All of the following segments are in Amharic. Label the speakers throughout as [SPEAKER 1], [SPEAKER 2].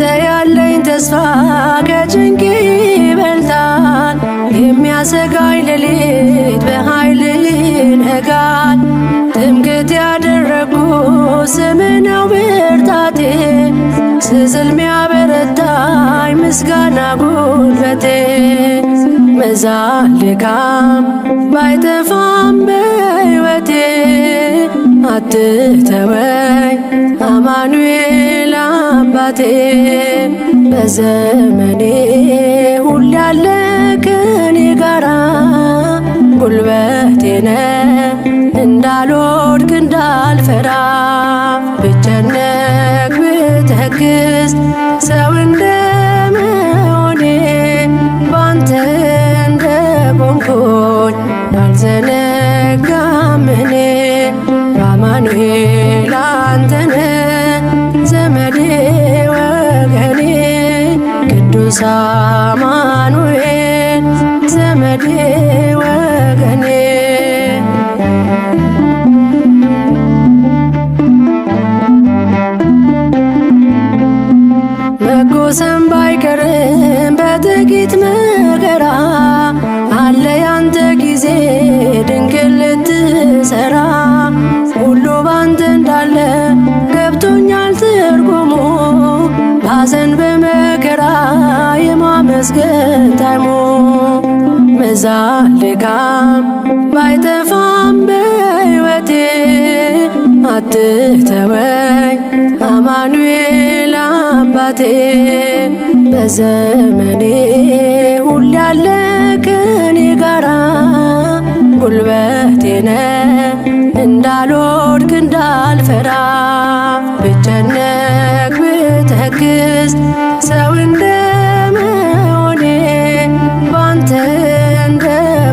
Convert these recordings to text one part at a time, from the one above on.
[SPEAKER 1] ባንተ ያለኝ ተስፋ ከጭንቅ ይበልጣል። የሚያሰጋኝ ሌሊት በኃይል ይነጋል። ትምክህት ያደረግኩ ስም ነው ብርታቴ፣ ስዝል ሚያበረታኝ ምስጋና ጉልበቴ። መዛል ድካም ባይጠፋም በሕይወቴ አትተወ አማኑኤል አባቴ በዘመኔ ሁሌ አለ ከኔ ጋራ ጉልበቴ ነ እንዳልወድቅ እንዳልፈራ ብጨነቅ ብትግዝ Star. አስገጣይሞ ባይጠፋም በሕይወቴ አትተወኝ አማኑኤል አባቴ በዘመኔ ሁሌ ያለ ከኔ ጋራ ጉልበቴ እንዳልወድቅ እንዳልፈራ ብጨነቅ ብተክዝ ሰው እንደ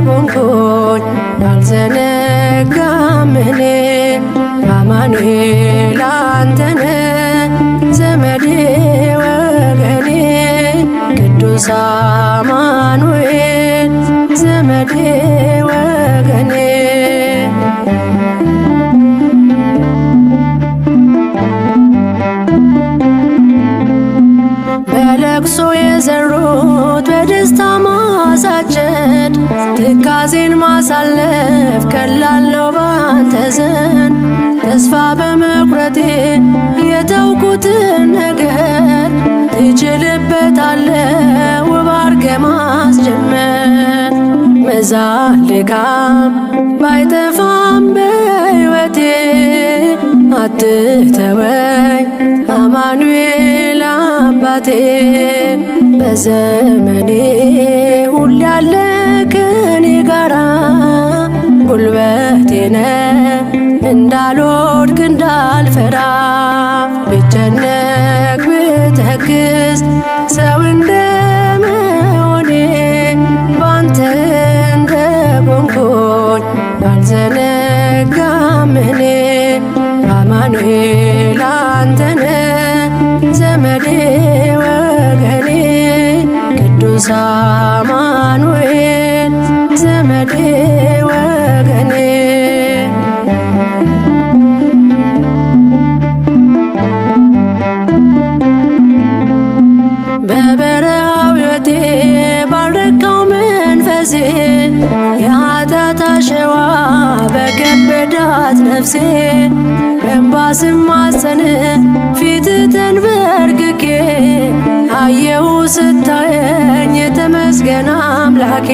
[SPEAKER 1] ሆንኩኝ አልዘነጋም እኔ አማኑኤል አንተነ ዘመዴ ወገኔ ቅዱስ አማኑኤል ዘመዴ መሳጨት ትካዜን ማሳለፍ ከላለው ባንተ ዘንድ ተስፋ በመቁረቴ የተውኩትን ነገር ትችልበታለህ ውብ አድርገህ ማስጀመር መዛ ድካም ባይጠፋም በሕይወቴ አትተወኝ አማኑኤል አባቴ ዘመኔ ሁሌ አለ ከኔ ጋራ ጉልበቴ ነህ እንዳልወድቅ እንዳልፈራ ብጨነቅ ብተክዝ ቅዱስ አማኑኤል ዘመዴ ወገኔ በበረሃው ሕይወቴ ባልረካው መንፈሴ የኃጢአት አሸዋ በከበዳት ነፍሴ እንባ ስማሰን አሜን አምላኬ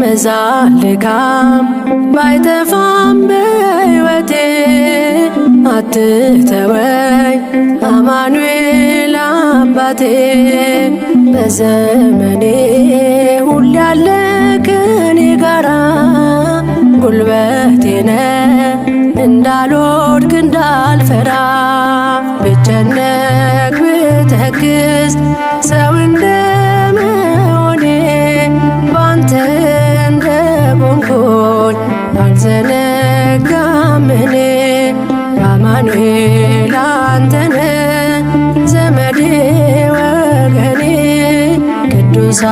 [SPEAKER 1] መዛልካም ባይተፋም በሕይወቴ አትተወኝ አማኑኤል አባቴ በዘመኔ ሁል ያለ ከኔ ጋራ ጉልበቴ ነህ እንዳልወድቅ እንዳልፈራ ብጨነቅ ብተክዝ ልኮን አልዘነጋምን አማኑኤል አንተነ ዘመዴ ወገኔ ቅዱሳ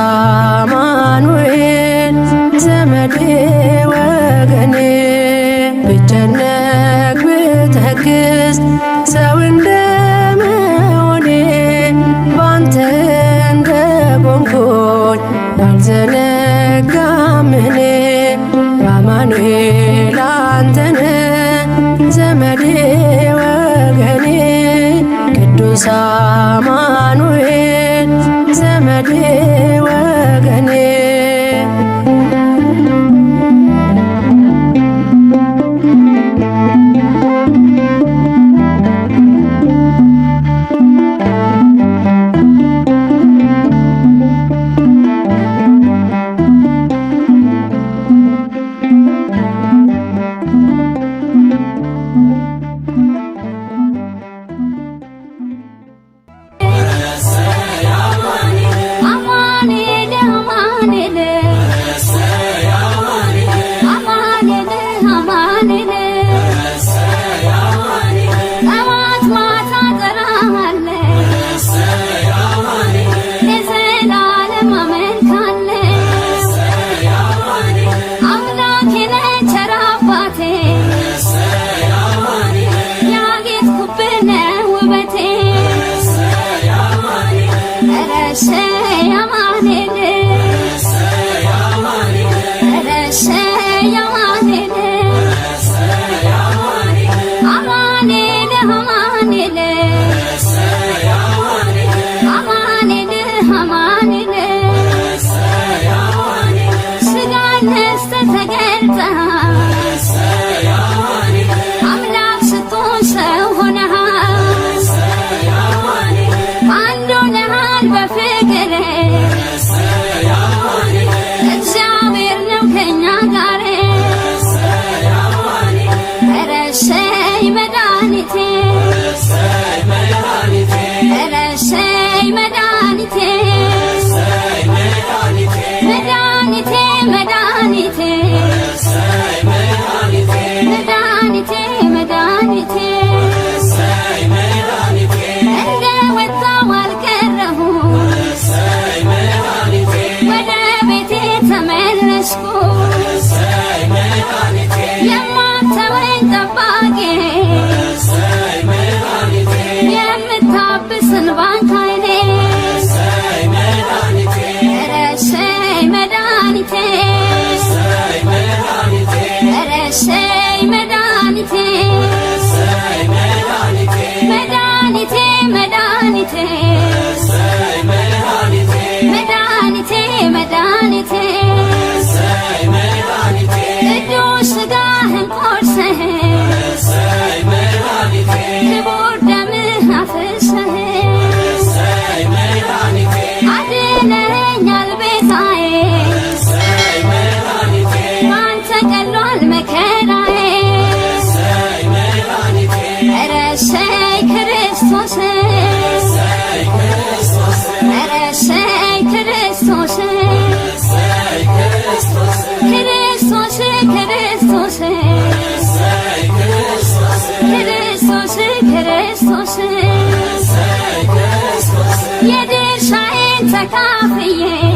[SPEAKER 2] I yeah.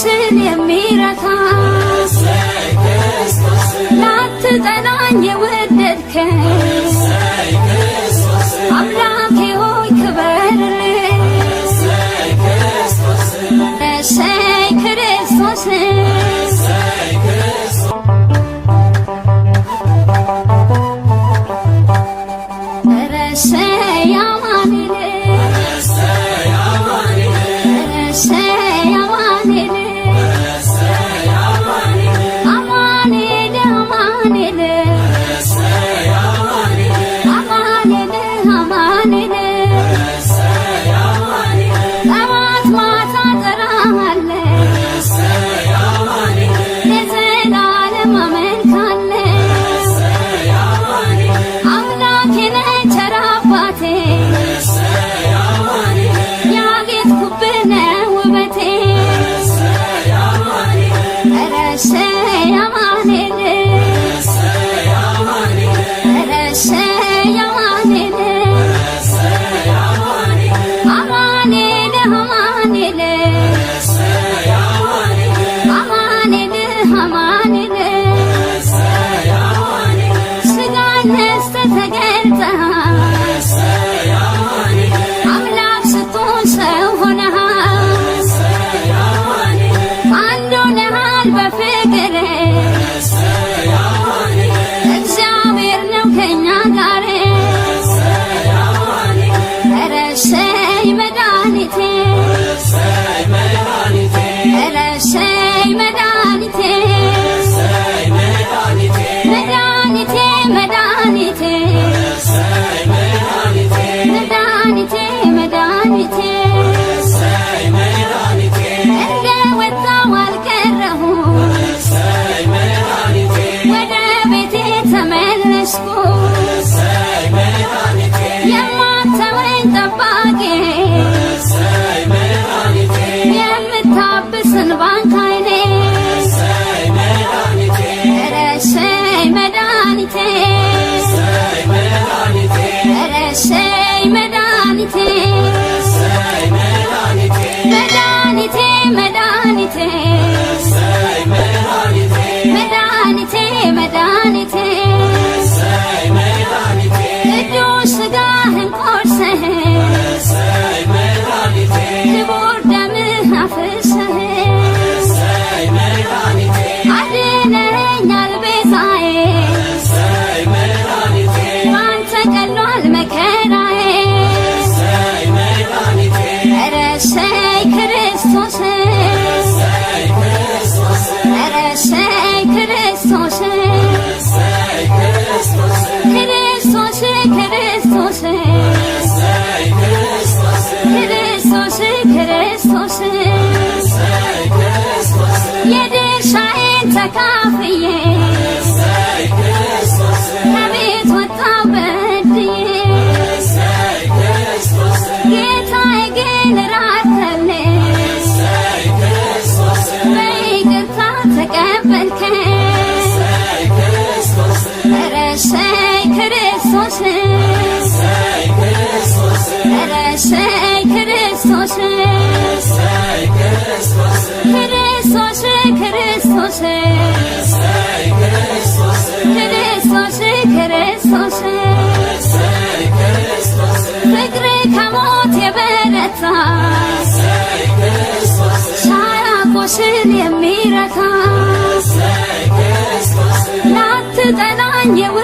[SPEAKER 2] ክርስቶስን የሚረታ
[SPEAKER 3] ላትጠላኝ
[SPEAKER 2] የወደድከኝ
[SPEAKER 3] yeah.